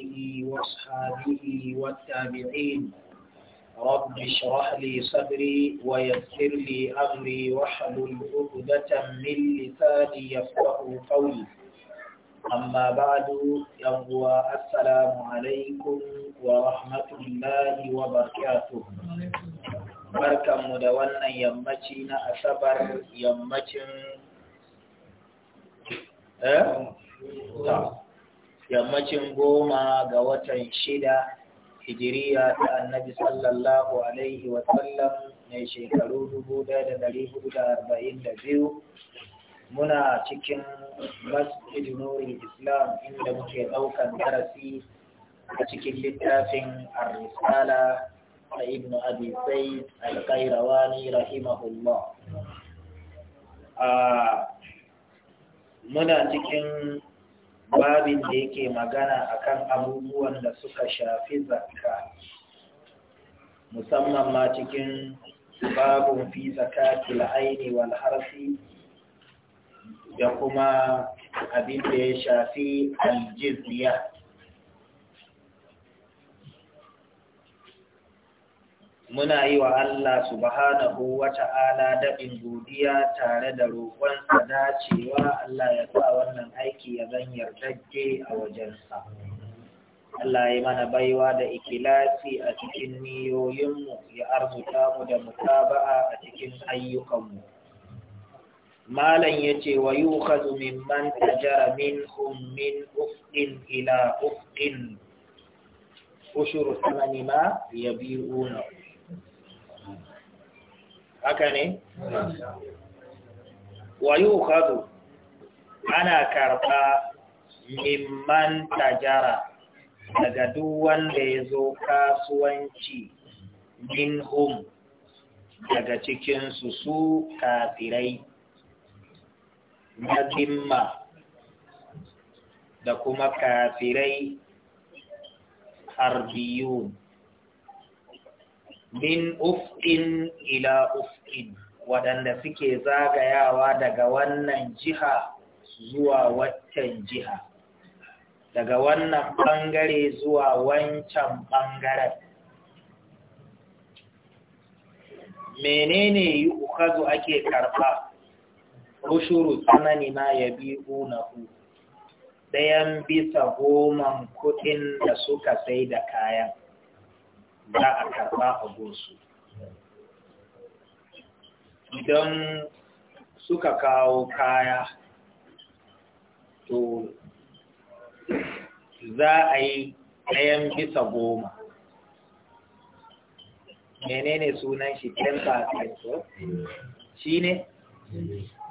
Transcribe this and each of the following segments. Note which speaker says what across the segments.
Speaker 1: آله وأصحابه والتابعين رب اشرح لي صدري ويسر لي أمري واحلل عقدة من لساني يفقه قولي أما بعد يهو السلام عليكم ورحمة الله وبركاته barkanmu da wannan yammaci na asabar yammacin eh? ta yammacin goma ga watan shida hijiriya ta annabi sallallahu alaihi wasallam mai shekaru biyu. muna cikin masjid nuri islam inda muke ɗaukan darasi a cikin littafin arisala a ta ibnu abi zaid al-qayrawani rahimahullah ah, muna cikin babin da yake magana akan abubuwan da suka shafi zakka musamman ma cikin babin fi zakatil aini wal harfi da kuma abin da ya shafi aljizya muna yi wa Allah subhanahu wa ta'ala daɗin godiya tare da roƙonsa dacewa Allah ya sa wannan aiki ya zan yardajje a wajensa. Allah ya mana baiwa da ikilasi a cikin niyoyinmu ya arzuta mu da mutaba'a a cikin ayyukanmu. Malam ya ce wa yi ukazu mimman tajara min min ufɗin ila ufɗin ushuru sanani ma ya biyu haka ne wa zo? ana karɓa mimman tajara daga duk wanda ya zo kasuwanci minhum daga cikin su su kafirai na da kuma kafirai harbiyun min uf'in ila uf'in waɗanda suke zagayawa daga wannan jiha zuwa waccan jiha daga wannan ɓangare zuwa wancan ɓangaren menene yi ukazu ake karɓa ushuru tsanani na ya bi ku ɗayan bisa goman kuɗin da suka sai da kayan za a karɓa a gosu idan suka kawo kaya to za a yi ɗayan bisa goma menene sunan shi ten percent shi ne?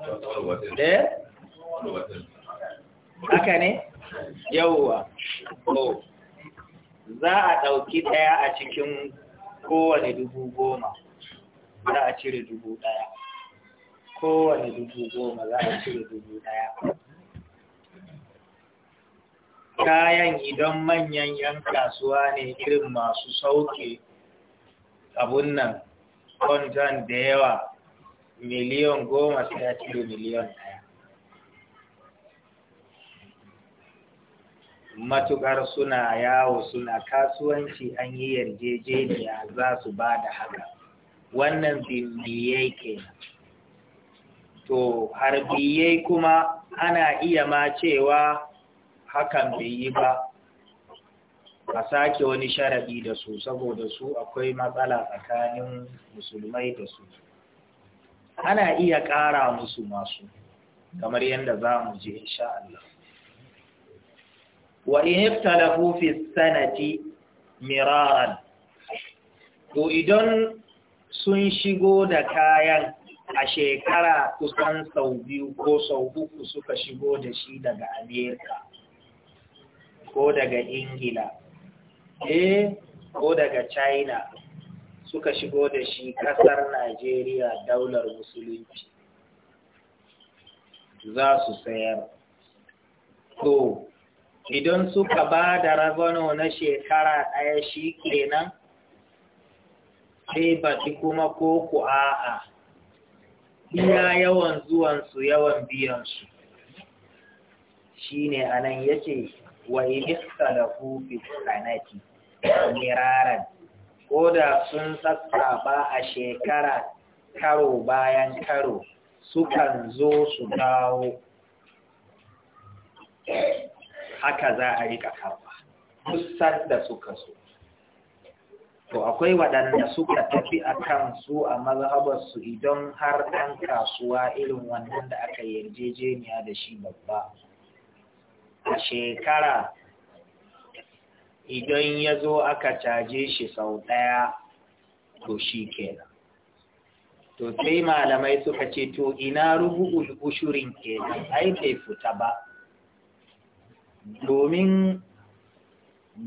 Speaker 1: Ɗaya? Eh? haka ne? Yawwa. oh. za a ɗauki ɗaya a cikin kowane dubu goma za a cire dubu ɗaya kowane dubu goma za a cire dubu ɗaya kayan idan manyan yan kasuwa ne irin masu sauke abun nan kwanton da yawa miliyon goma sai a cire miliyon ɗaya matuƙar suna yawo suna kasuwanci an yi yarjejeniya za su ba da haka wannan bimbiyai ke to harbiyai kuma ana iya ma cewa hakan bai yi ba a sake wani sharaɗi da su saboda su akwai matsala tsakanin musulmai da su ana iya ƙara musu masu kamar yadda za mu je insha Allah wa in ikhtalafu fi sanati miraran to idan sun shigo da kayan a shekara kusan sau biyu ko sau uku suka shigo da shi daga Amerika ko daga Ingila eh ko daga China suka shigo da shi kasar Najeriya daular musulunci za su sayar to idan suka ba da rabano na shekara ɗaya shi kenan sai baɗi kuma ko ku a'a iya yawan zuwansu yawan biyansu shi ne a nan ya ce wa inista da hufi sanati miraran ko da sun ba a shekara karo bayan karo sukan zo su dawo haka za a rika karba musar da suka so to akwai waɗanda suka tafi a kan su a su idan har ɗan kasuwa irin wannan da aka yarjejeniya da shi babba a shekara idan ya zo aka caje shi sau ɗaya to shi kenan to sai malamai suka ce to ina rubu ushurin kenan ai bai fita ba domin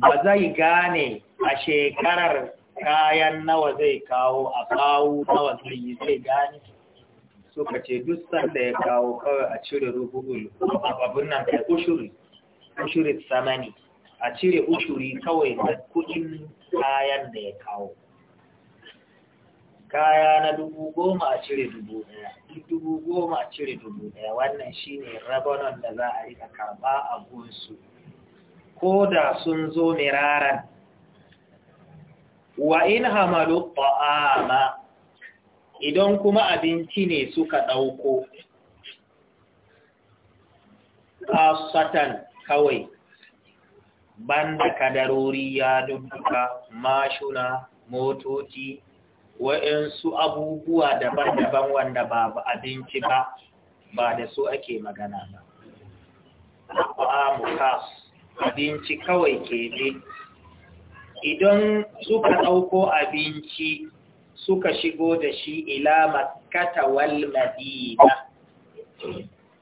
Speaker 1: ba zai gane a shekarar kayan nawa zai kawo a kawo nawa zai yi zai gane suka ce duk sanda ya kawo kawai a cire rubugul abin nan kai ushuri ushuri samani a cire ushuri kawai da kudin kayan da ya kawo kaya na dubu goma a cire dubu ɗaya dubu goma a cire dubu ɗaya wannan shine rabonon da za a yi rika karɓa a gunsu ko da sun zo miraran wa in hamalu ta'ama idan kuma abinci ne suka ɗauko kasatan kawai banda kadarori ya mashuna motoci wa'insu abubuwa daban-daban wanda ba abinci ba ba da su ake magana ba abinci kawai ke ne idan suka ɗauko abinci suka shigo da shi ila makata wal madina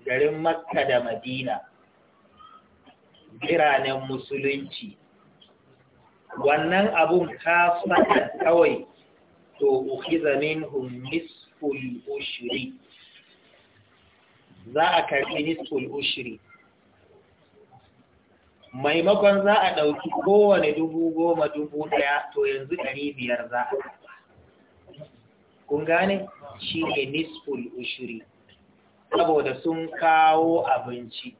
Speaker 1: garin makka da madina biranen musulunci wannan abun kafata kawai to ukhidha minhum nisful ushri za a karbi nisful ushri maimakon za a ɗauki kowane dubu goma dubu ɗaya to yanzu ɗari biyar za a karba kun gane shi ne nisful ushri saboda sun kawo abinci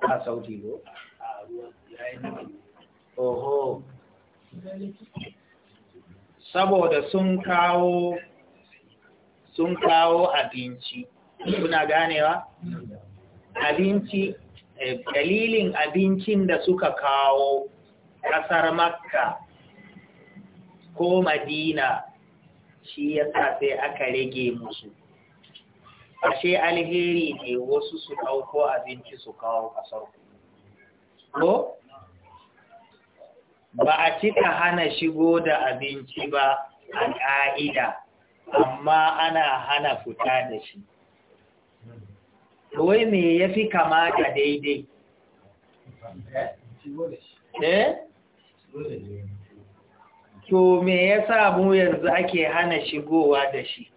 Speaker 1: a sauti go oho saboda sun kawo sun kawo abinci kuna ganewa abinci eh, dalilin abincin da suka kawo ƙasar makka ko madina shi ya sai aka rage musu ashe alheri ne wasu su ɗauko abinci su kawo ƙasar ko ba a cika hana shigo da abinci ba a ƙa'ida amma ana hana fita da shi wai me ya fi kamata daidai eh to me ya sa mu yanzu ake hana shigowa da shi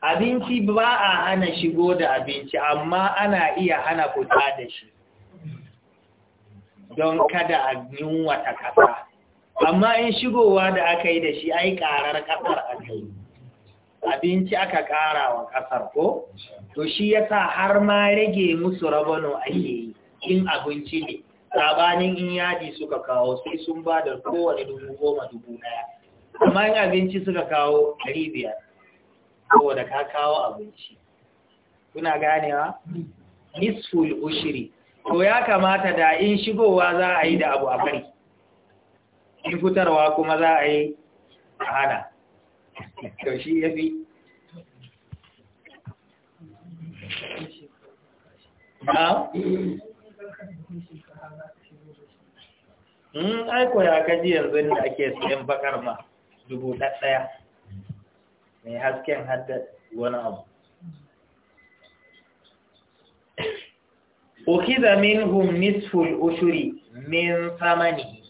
Speaker 1: abinci ba a hana shigo da abinci amma ana iya hana fita da shi don kada a ta ƙasa amma in shigowa da aka yi da shi ai ƙarar kasar aka yi abinci aka ƙara wa ƙasar ko to shi ya sa har ma rage musu rabano ake yi in abinci ne sabanin in yadi suka kawo sai sun ba da kowane dubu goma dubu ɗaya amma in abinci suka kawo ɗari biyar ka kawo abinci kuna ganewa nisful ushiri Ko ya kamata da in shigowa za a yi da abu a bari in fitarwa kuma za a yi a hana to shi ya fi in hmm, aiko ya kaji yanzu da ake sayan bakar ma dubu ɗaya mai hasken haddad wani abu ukiza minhum nisful ushuri min samani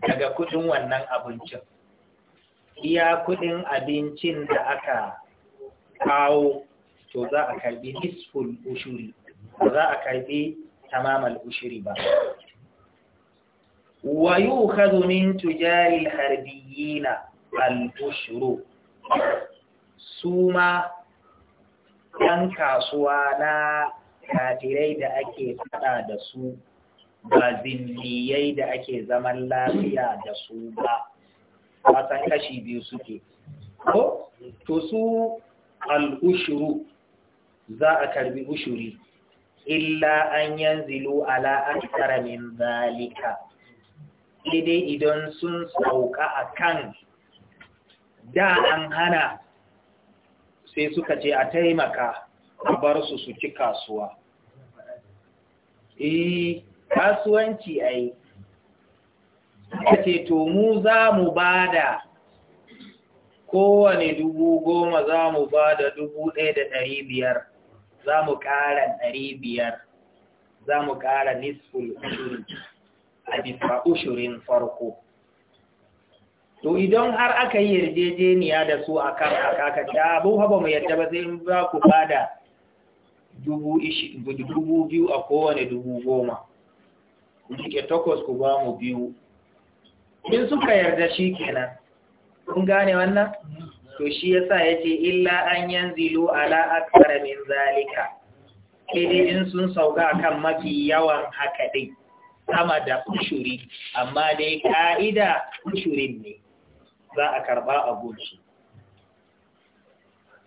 Speaker 1: daga kudin wannan abincin iya kudin abincin da aka kawo to za a karbi nisful ushuri to za a karbi tamamal ushuri ba wa yukhadhu min tujaril harbiyina al ushuru suma yan kasuwa na kafirai da ake faɗa da su ba zinniyai da ake zaman lafiya da su ba wasan kashi biyu suke ko to su al'ushuru za a karbi ushuri illa an yanzilu ala aksara min zalika dai idan sun sauka a kan da an hana sai suka ce a taimaka a bar su su ci kasuwa eh kasuwanci ai suka ce to mu za mu bada kowane dubu goma za mu bada dubu ɗaya da ɗari biyar za mu ƙara ɗari biyar za mu ƙara nisful ashirin, a bisa farko to idan har aka yi yarjejeniya da su a kan aka ta abu haɓa mu yadda ba zai ba ku bada dubu biyu a kowane dubu goma ku takwas ku ba mu biyu in suka yarda shi kenan kun gane wannan to shi yasa yace illa an yanzilu ala a min zalika sai in sun sauka kan mafi yawan haka dai sama da ushuri amma dai ka'ida ushurin ne za a karba a gunsu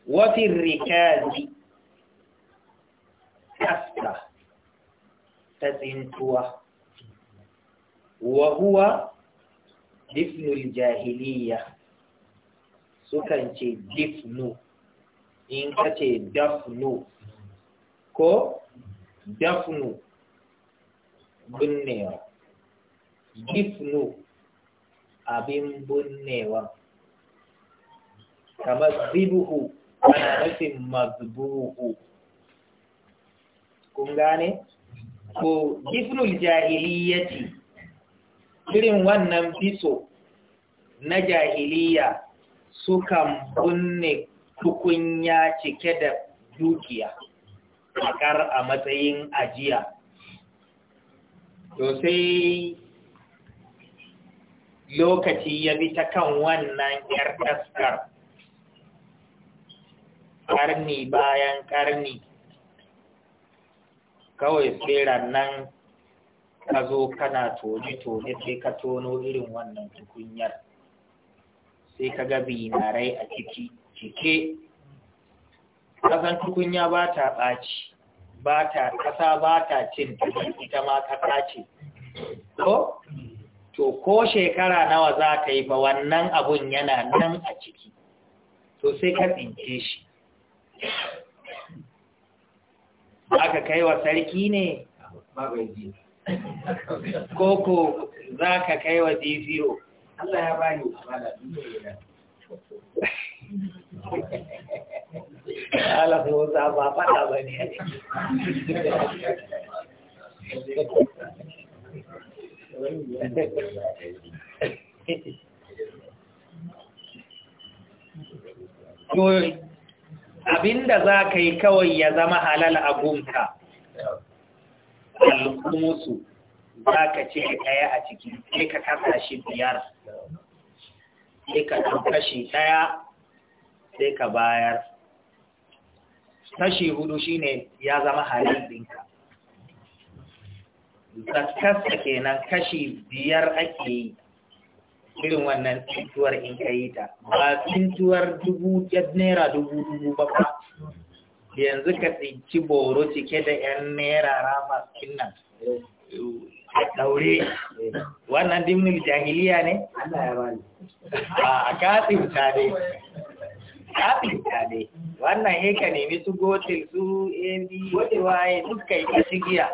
Speaker 1: wafin rikazi taska ta tsintuwa wa huwa difnul jahiliya sukan ce difnu in ka ce dafnu ko dafnu bunnewa difnu abin bunnewa kamar zibuhu ana nufin mazbuhu kun gane ko ifnul jahiliyyati irin wannan biso na jahiliya sukan bunne tukunya cike da dukiya akar a matsayin ajiya to sai lokaci ya bi ta kan wannan yar taskar ƙarni bayan karni. kawai tseren nan ka zo kana tone-tone sai ka tono irin wannan tukunyar sai ka ga binarai a ciki cike Kasan tukunya ba ta ɓaci ba ta ƙasa ba ta cin ita ma ka ce ko to ko shekara nawa za ta yi ba wannan abun yana nan a ciki to sai ka tsince shi aka kai wa sarki ne koko za ka kai wa dco Allah ya bani Allah ko za ba fada ba ne Thank you. Abin da za ka yi kawai ya zama halal a gunka alkumusu za ka ce ɗaya a ciki sai ka kasa shi biyar sai ka ɗan kashi ɗaya sai ka bayar kashi hudu ne ya zama halal ɗinka zakarsa kenan kashi biyar ake yi irin wannan tuntuwar in ka yi ta ba tuntuwar dubu naira dubu dubu ba ba yanzu ka tsinci boro cike da yan naira rama nan daure wannan dimnil jahiliya ne a katsinta dai katsinta dai wannan he ka nemi su gotil su ab waye duk yi ta shigiya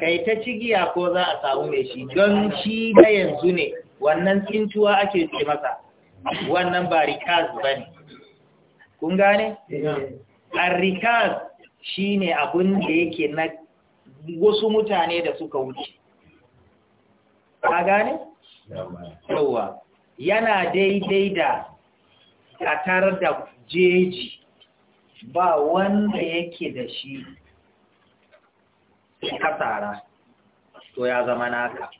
Speaker 1: kai ta cigiya ko za a samu mai shi don shi da yanzu ne wannan tsintuwa ake ce masa wannan ba rikaz ba ne kun gane? rikaz shi ne abin da yake na wasu mutane da suka wuce ka gane? yawa yana daidai da katar da jeji ba wanda yake da shi ka to ya zama naka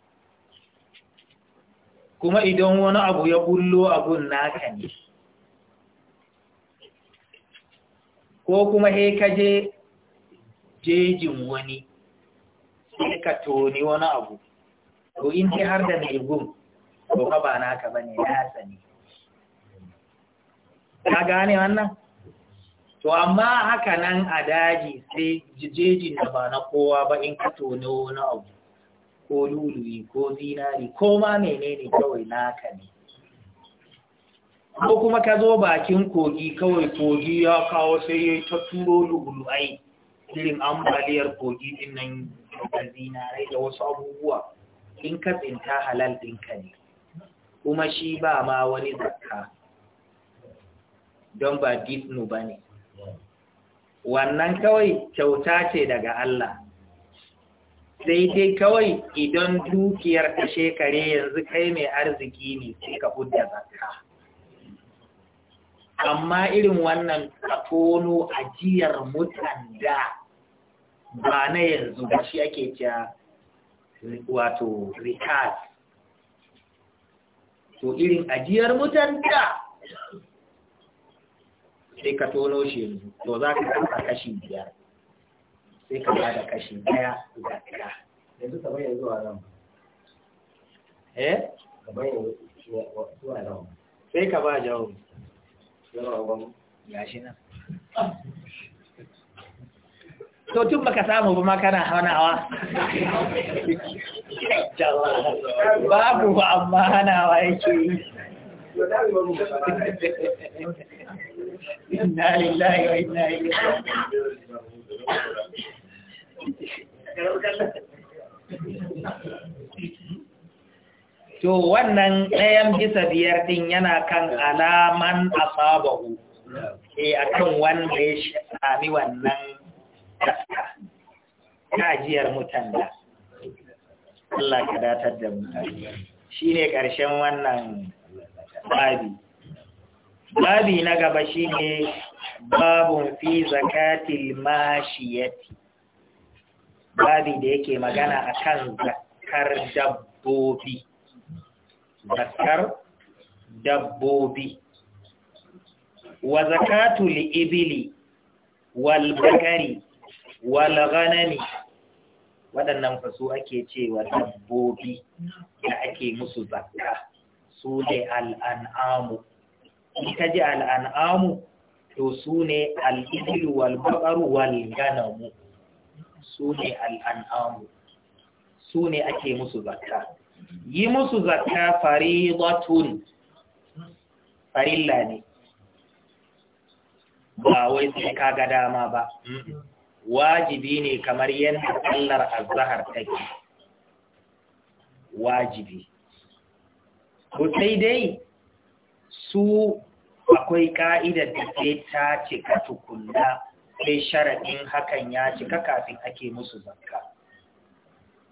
Speaker 1: kuma idan wani abu ya bullo abun naka ne ko kuma he ka je jejin wani sai ka toni wani abu to in ce har da mai gun to ka ba naka ba ne ya sani ka gane wannan to amma haka nan a daji sai jijejin da ba na kowa ba in ka tono na abu ko luluyi ko zinari ko ma menene kawai naka ne ko kuma ka zo bakin kogi kawai kogi ya kawo sai ya ta turo lulu'ai irin ambaliyar kogi din nan da zinarai da wasu abubuwa in ka tsinta halal ɗinka ne kuma shi ba ma wani zakka don ba disnu ba ne wannan kawai kyauta ce daga Allah sai dai kawai idan dukiyar ka shekare yanzu kai mai arziki ne sai ka hudda zakka amma irin wannan katono ajiyar mutanda ba na yanzu ba shi ake cewa wato rikas to irin ajiyar mutanda sai ka tono shi yanzu to za ka kafa kashi biyar sai ka ba da kashi daya ga ɗaya yanzu kamar yanzu a nan eh kamar yanzu a nan sai ka ba jawo ya shi nan to tun baka samu ba makana hana hawa babu ba amma hana hawa yake yi To wannan ɗayan bisa biyar ɗin yana kan alaman asabahu, e a kan wanda ya sami wannan ƙasa, ta ajiyar mutanda. Allah ka datar da mutane. Shi ne ƙarshen wannan babi babi na gaba shine babun fi zakatil mashiyati babi da yake magana akan zakar dabbobi zakar dabbobi wa zakatul ibili wal bagari wal ghanami waɗannan faso ake cewa dabbobi da ake musu zakka su ne al'an'amu in ka ji al'an'amu to su ne al'ibilu gana mu. su ne al'an'amu su ne ake musu zakka yi musu zakka faridatun farilla ne ba wai sai ka ga dama ba wajibi ne kamar yadda sallar zahar take wajibi ko sai dai su akwai ƙa'idar da ke ta cika tukunna sai sharaɗin hakan ya cika kafin ake musu zakka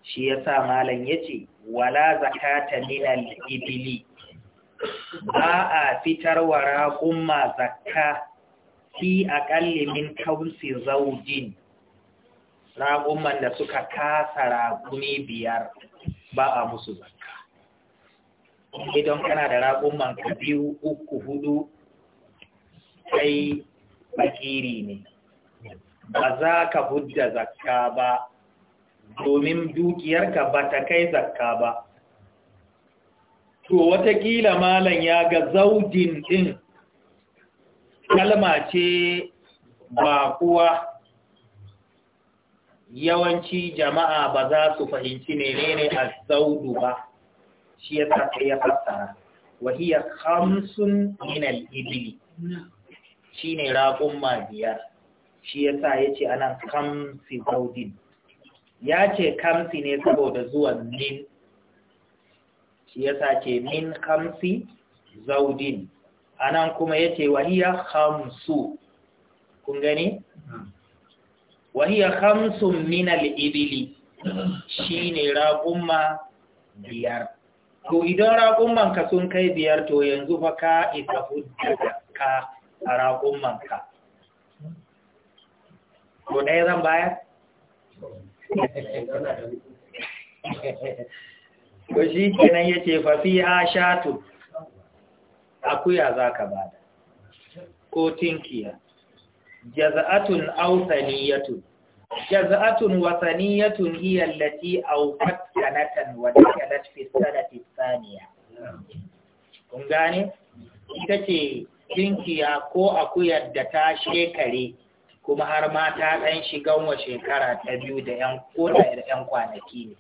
Speaker 1: shi ya sa malam ya ce wala zakata minal ibili ba a fitar wa raƙumma zakka fi aƙalli min kawunsi zaujin raƙumman da suka kasa raƙumi biyar ba a musu ba. idan kana da raƙuman ka biyu uku hudu kai fakiri ne ba za ka hudda zakka ba domin dukiyarka ba ta kai zakka ba to watakila malam ya ga zaudin din kalma ce ba kuwa yawanci jama'a ba za su fahimci menene zaudu ba shi ya sa sai ya fassara wa hiya khamsun min al-ibli shine raqum ma biyar shi ya sa ya ce ana kamsi zaudin ya ce kamsi ne saboda zuwan min shi ya sa ce min kamsi zaudin anan kuma ya ce hiya khamsu kun gani? wahiya min al-ibli shi ne raƙumma biyar to idan ka sun kai biyar to yanzu fa ka isa hujjar ka a ka to ɗaya zan bayar? ko shi kenan ya ce fafi a shatu akuya za ka bada ko tinkiya jaza'atun tuni. jaz'atun wasaniyatun hiya allati awqat sanatan wa dakalat fi sanati thaniya kun gane ita ce kinkiya ko akuyar da ta shekare kuma har ma ta ɗan shiga wa shekara ta biyu da ‘yan ko da ‘yan kwanaki ne.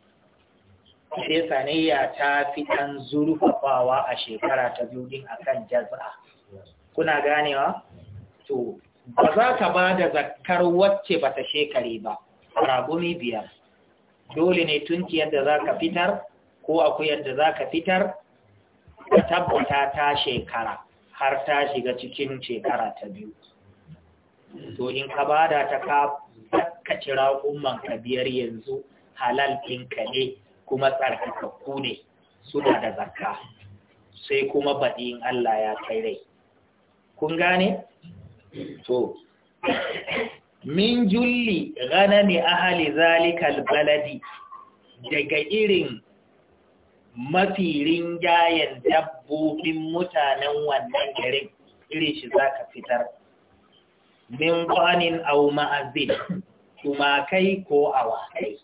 Speaker 1: Sai saniya ta fi ɗan zurfafawa a shekara ta biyu din a kan jaz'a. Kuna ganewa? To, ba za ka ba da zakar wacce ba ta shekare ba ragumi biyar dole ne tunki yadda za ka fitar ko akwai yadda za ka fitar ka tabbata ta shekara har ta shiga cikin shekara ta biyu to in ka ba da ta ka cira umman ka biyar yanzu halal ɗinka ne kuma tsarkakakku ne suna da zakka sai kuma baɗi in Allah ya kai rai kun gane to min julli ganami ahali zalikal baladi daga irin mafi ringayen dabbobin mutanen wannan garin irin shi za ka fitar min kwanin au ma'azin tumakai ko awakai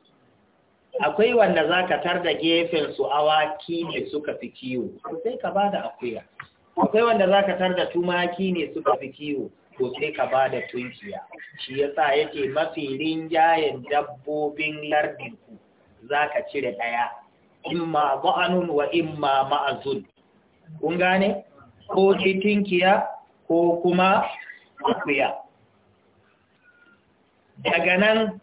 Speaker 1: akwai wanda za ka tar da gefensu awaki ne suka fi kiwo sai ka ba da akuya akwai wanda za ka tar da tumaki ne suka fi kiwo Ko ka ba da tunkiya shi ya yasa yake mafi rinjayen dabbobin lardinku za ka cire ɗaya imma ba'anun wa imma ma'azun kun gane ko tunkiya ko kuma akuya daga nan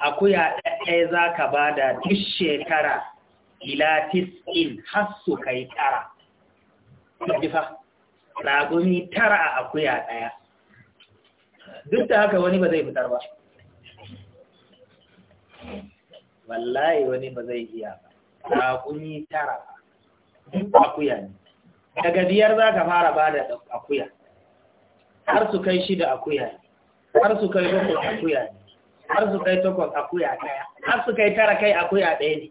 Speaker 1: akuya ɗaya za ka ba da duk shekara ila tis'in har su kai tara. Ragumi tara a akuya ɗaya duk da haka wani ba zai fitar ba wallahi wani ba zai iya ba Ragumi tara duk akuya ne daga biyar za ka fara ba da akuya har su kai shida akuya ne har su kai bakwai akuya ne har su kai takwas akuya ɗaya har su kai tara kai akuya ɗaya ne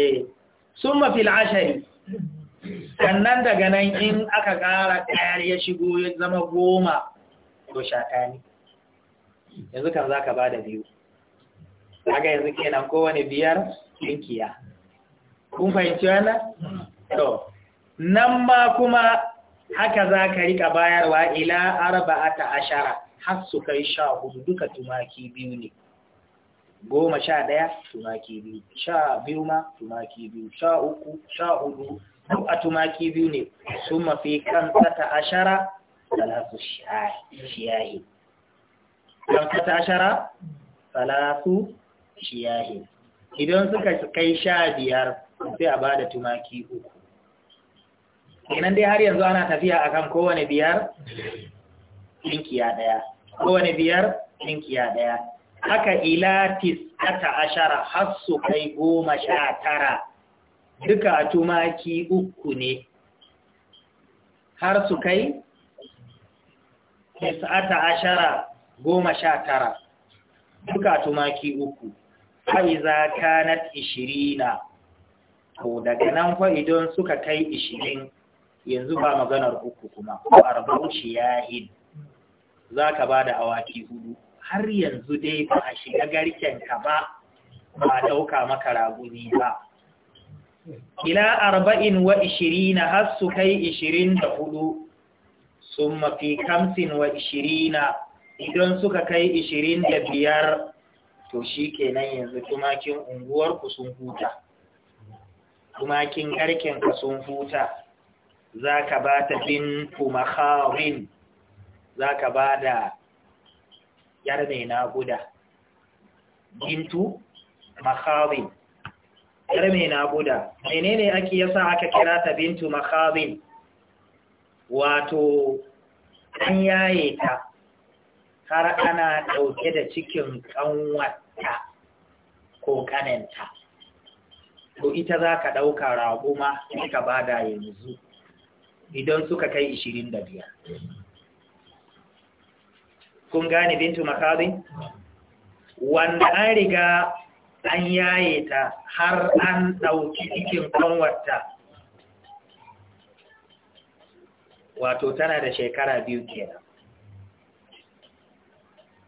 Speaker 1: eh. sun mafi la'ashari sannan daga nan in aka ƙara ɗayar ya shigo ya zama goma to sha ɗani yanzu kan za ka ba da biyu daga yanzu kenan kowane biyar ɗinkiya kun fahimci wannan? to nan ma kuma haka za ka riƙa bayarwa ila arba'ata ta ashara har su kai sha hudu duka tumaki biyu ne goma sha ɗaya tumaki biyu sha biyu ma tumaki biyu sha uku sha hudu duk a tumaki biyu ne sun mafi kan sata ashara salatu shiyahi kan sata ashara salatu shiyahi idan suka kai sha biyar sai a bada tumaki uku kenan dai har yanzu ana tafiya akan kowane biyar ɗinkiya ɗaya kowane biyar ɗinkiya ɗaya haka ila ta ashara har su kai goma sha tara duka tumaki uku ne har su kai tis'ata ashara goma sha tara duka tumaki uku za kanat ishirina to daga nan fa idan suka kai ishirin yanzu ba maganar uku kuma ko arba'u shiyahin za ka ba da awaki hudu har yanzu dai ba a shiga garkenka ba ba ɗauka maka raguni ba ila arba'in wa ishirina har su kai ishirin da hudu sun mafi kamsin wa ishirina idan suka kai ishirin da biyar to shi kenan yanzu tumakin unguwarku sun huta tumakin garkenka sun huta za ka ba ta bin fumahawin za ka ba da yar na guda bintu na guda menene ake yasa aka kira ta bintu makhabin wato an yaye ta har ana ɗauke da cikin kanwata ko kananta to ita za ka ɗauka raguma ka bada yanzu idan suka kai ishirin da kun gane bintu makabi wanda an riga an yaye ta har an ɗauki cikin kanwarta wato tana da shekara biyu kenan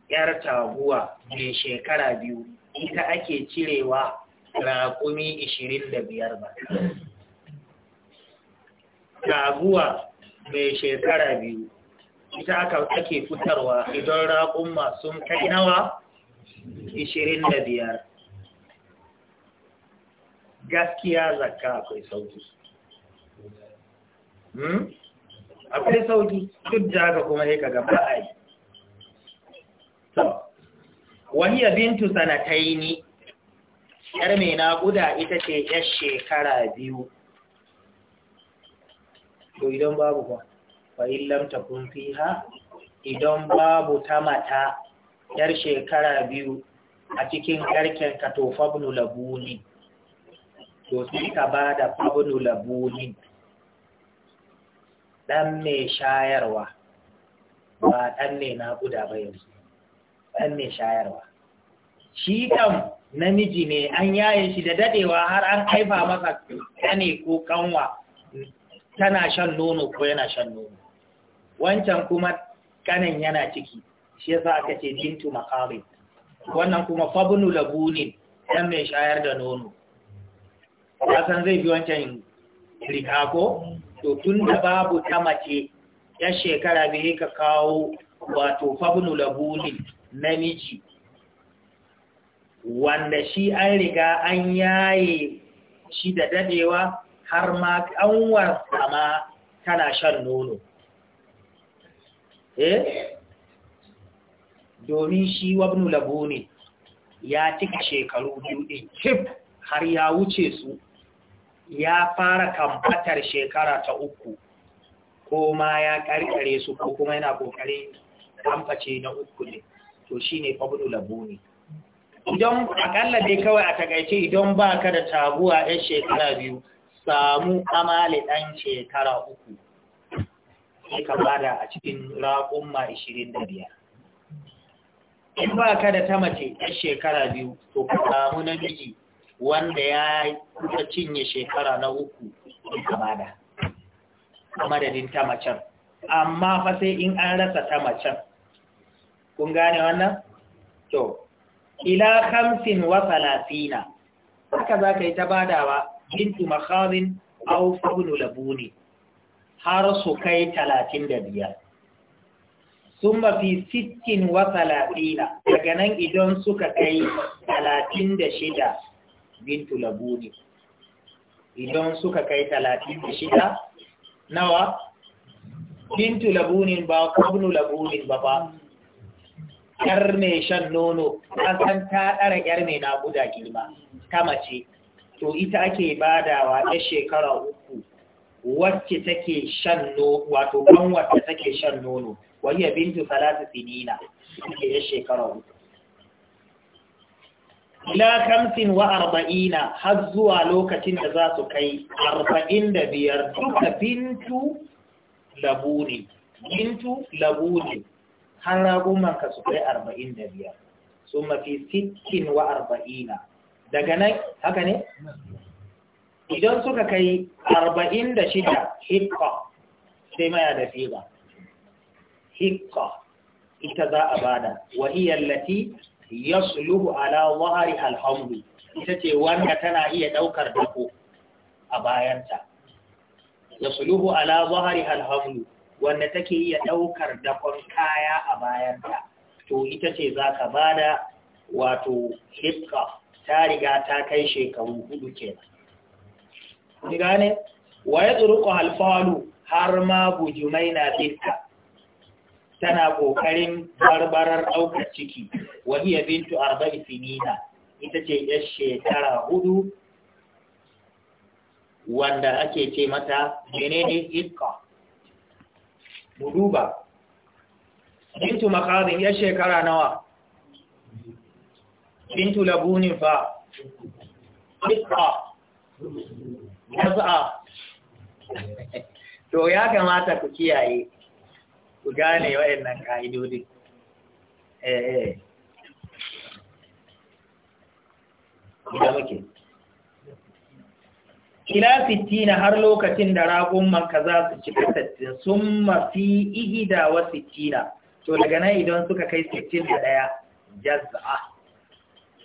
Speaker 1: yar taguwa mai shekara biyu ita ake cirewa raƙumi ishirin da biyar ba taguwa mai shekara biyu ita aka ake fitarwa idan raƙumma sun kai nawa 25 gaskiya zakka akwai sauki hmm? akwai sauki duk da aka kuma sai kaga ba a yi wahiya bintu ni. yar mai naƙuda ita ce yar shekara biyu to idan babu ba fa kun fi fiha idan babu ta mata yar shekara biyu a cikin ƙarƙen ka to fabnu labuni to sai ka bada fabnu labuni dan mai shayarwa ba dan ne na guda ba yanzu dan mai shayarwa shi kam namiji ne an yaye shi da dadewa har an haifa masa kane ko kanwa tana shan nono ko yana shan nono wancan kuma kanan yana ciki shi yasa aka ce bintu makari wannan kuma fabnu labuni dan mai shayar da nono san zai fi wancan rikako to tun da babu ta mace ya shekara bai ka kawo wato fabnu na namiji wanda shi an riga an yaye shi da dadewa har ma kanwar sama tana shan nono eh domin shi wabnu labo ya cika shekaru biyu ɗin cif har ya wuce su ya fara kamfatar shekara ta uku ko ma ya ƙarƙare su ko kuma yana ƙoƙarin kamface na uku ne to shi ne wabnu labo ne idan akalla dai kawai a takaice idan ba ka da taguwa 'yan shekara biyu samu amali ɗan shekara uku sai ka bada a cikin raƙumma ishirin da biyar in ba ka da ta mace 'yan shekara biyu to ku samu namiji wanda ya kusa cinye shekara na uku in ka bada madadin ta macen amma fa sai in an rasa ta macen kun gane wannan? to ila kamfin wa salafina haka za ka yi ta badawa bintu makharin au fagunu labuni har su kai talatin da biyar sun mafi sittin wa talatina daga nan idan suka kai talatin da shida bintu labuni idan suka kai talatin da shida nawa bintu labunin ba Kubnu labunin ba ba yar mai shan nono san ta ɗara yar mai guda girma ta mace to ita ake badawa ta shekara uku wacce take shan nono wato ban wacce take shan nono wani ya bintu salatu sinina take ya shekara uku ila kamsin wa arba'ina har zuwa lokacin da za su kai arba'in da biyar duka bintu labuni bintu labuni har ragumanka su kai arba'in da biyar sun mafi sittin wa arba'ina daga nan haka ne idan suka kai arba'in da shida hikka sai maya da siga hikka ita za a bada wahiyar lati ya suluhu ala wahari alhamdu ita ce wanda tana iya ɗaukar dako a bayanta ya suluhu ala wahari alhamdu wanda take iya ɗaukar dakon kaya a bayanta to ita ce za ka bada wato hikka ta riga ta kai shekaru hudu kenan gane wa ya tsuruku alfalu har ma bujumai na binta tana ƙoƙarin barbarar ɗaukar ciki wahiyar bintu arba'i sinina ita ce ya shekara hudu wanda ake ce mata menene iska buduba bintu makarin ya shekara nawa bintu labunin fa ikka. naz'a to ya kamata ku kiyaye ku gane waɗannan ka'idodin eh eh da muke ila sittina har lokacin da ragon manka za su cika sattin sun mafi igida wa sittina to daga nan idan suka kai sittin da ɗaya jaz'a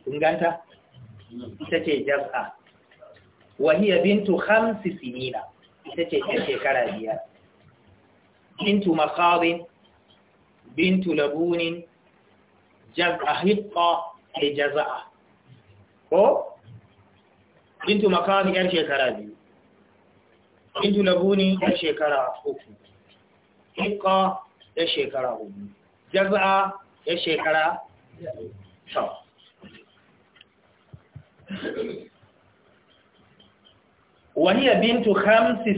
Speaker 1: kun ganta ita ce jaz'a وهي بنت خمس سنين بنت مخاض بنت لبون جزء هقة لجزعة بنت مخاض بنت لبون يار شكرا hikka ya shekara Wani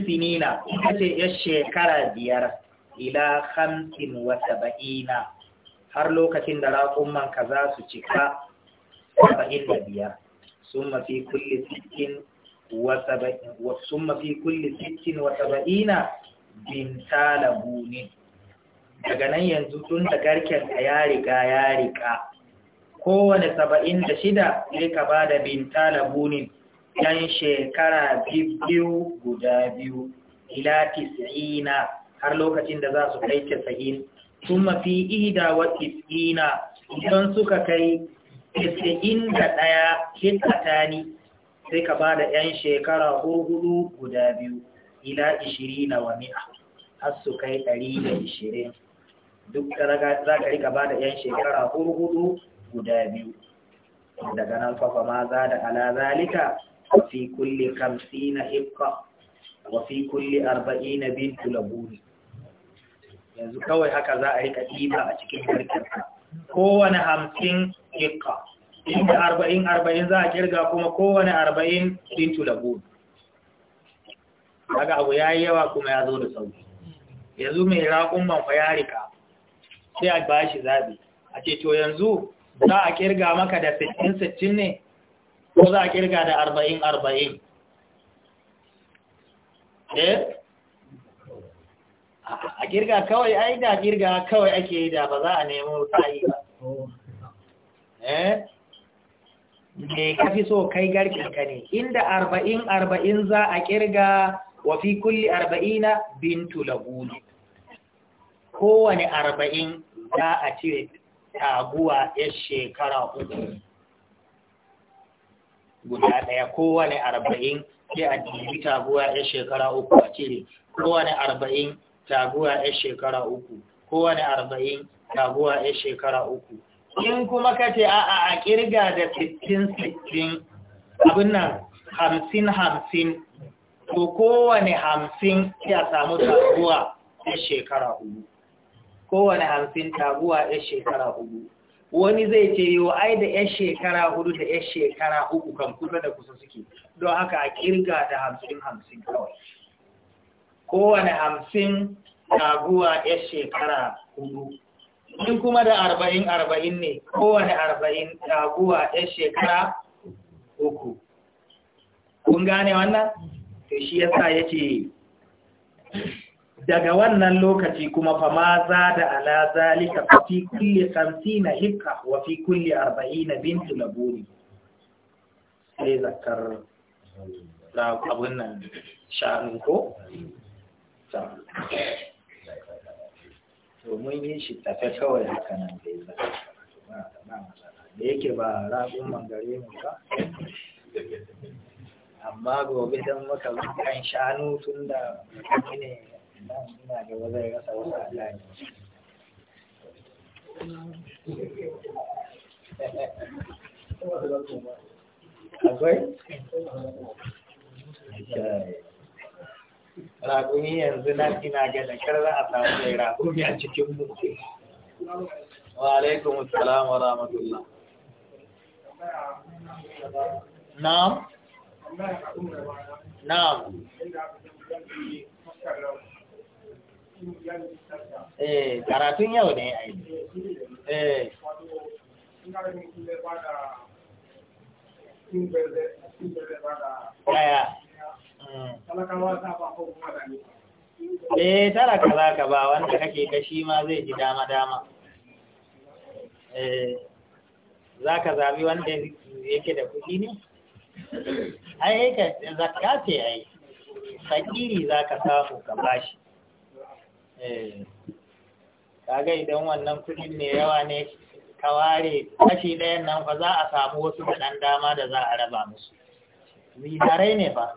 Speaker 1: sinina بنت ce ya shekara biyar. Ila hamsin wata baina har lokacin da ka za su cika saba'in da biyar sun mafi kulle sittin wa baina binta labunin daga nan yanzu tun da garken ka ya riga ya riƙa kowane saba'in da shida ya ka ba da binta labunin yan shekara biyu guda biyu ila tis'ina har lokacin da za su kai tis'in tun mafi ida wa tis'ina idan suka kai tis'in da ɗaya ni sai ka ba da yan shekara hudu guda biyu ila ishirina wa mi'a har su kai ɗari da ishirin duk da za ka rika ba da yan shekara hudu guda biyu daga nan fafa ma za da ala zalika في كل خمسين إبقى وفي كل أربعين بنت لبون yanzu kawai haka za a rika a cikin harkarka kowane hamsin ikka inda arba'in arba'in za kirga kuma kowane arba'in bintu labun daga abu ya yawa kuma ya zo da sauki yanzu mai raƙun banfa ya sai a ba zaɓi a ce yanzu za a kirga maka da 60-60 ne ko za a kirga da arba'in arba'in eh a kirga kawai ai da kirga kawai ake yi da ba za a nemo sa'i ba eh me kafi so kai garkin ka ne inda arba'in arba'in za a kirga wa fi kulli arba'ina bintu lagulu kowane arba'in za a cire taguwa ya shekara uku guda ɗaya kowane arba'in sai a ɗibi taguwa ya shekara uku a cire kowane arba'in taguwa ya shekara uku kowane arba'in taguwa ya shekara uku in kuma ka ce a a kirga da sittin sittin abin nan hamsin hamsin to kowane hamsin ya samu taguwa ya shekara uku. kowane hamsin taguwa ya shekara uku. wani zai ce wa ai da yan shekara hudu da yan shekara uku kan kusa da kusa suke don haka a kirga da hamsin hamsin kawai kowane hamsin taguwa yan shekara hudu in kuma da arba'in arba'in ne kowane arba'in taguwa yan shekara uku kun gane wannan to shi yasa ya ce daga wannan lokaci kuma fa ma za da ala zalika fi kulli 50 hikka wa fi kulli 40 bint labuni sai zakar da abun nan sha'anin ko to mun yi shi tafe kawai haka nan dai ba da yake ba rabun mangare mu ka amma gobe dan maka kan shanu tunda ne akwai raƙumi yanzu nan ina ga da a samu mai raƙumi a cikin mu wa wa rahmatullah na'am
Speaker 2: na'am
Speaker 1: eh karatun yau ne ai eh Yaya? Hmm. Eh, tara ka za ka ba wanda kake kashi ma zai ji dama-dama. Eh, za ka zabi wanda yake da kuɗi ne? Ai, eh, ka zakka ce ai, sakiri za ka samu ka bashi. Eh, kaga idan wannan kudin ne yawa ne ka ware kashi ɗayan nan fa za a samu wasu da ɗan dama da za a raba musu zinarai ne ba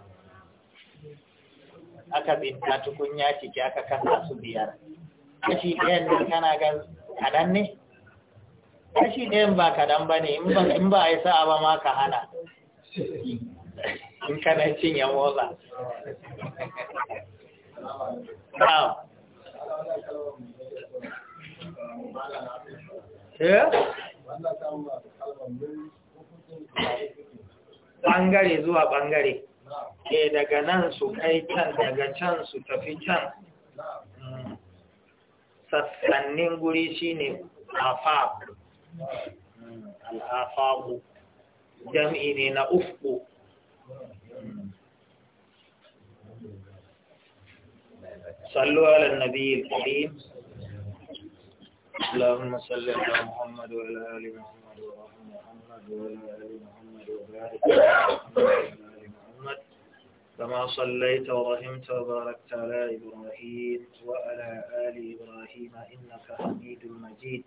Speaker 1: aka tsinta tukunya ciki aka kasa su biyar kashi ɗayan da kana ga kaɗan ne kashi ɗayan ba kaɗan ba ne in ba a yi sa'a ba ma ka hana in kanancin cin yan motsa ɓangare eh? zuwa ɓangare ke eh, daga nan su kai can daga can su tafi can hmm. sassannin guri shine afaq hmm, al'afaku jam'i ne na ufku hmm. sallu ala nabiyyi
Speaker 2: اللهم صل على
Speaker 1: محمد وعلى آل محمد وعلى محمد وعلى آل محمد وبارك على آل محمد كما صليت ورحمت وباركت على إبراهيم وعلى آل إبراهيم إنك حميد مجيد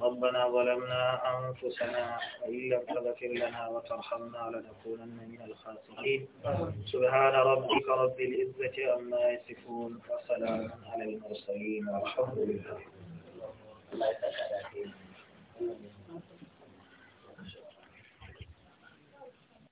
Speaker 1: ربنا ظلمنا أنفسنا وإن لم تغفر لنا وترحمنا لنكونن من الخاسرين سبحان ربك رب العزة عما يصفون وسلام على المرسلين والحمد لله Allah ya saka da kai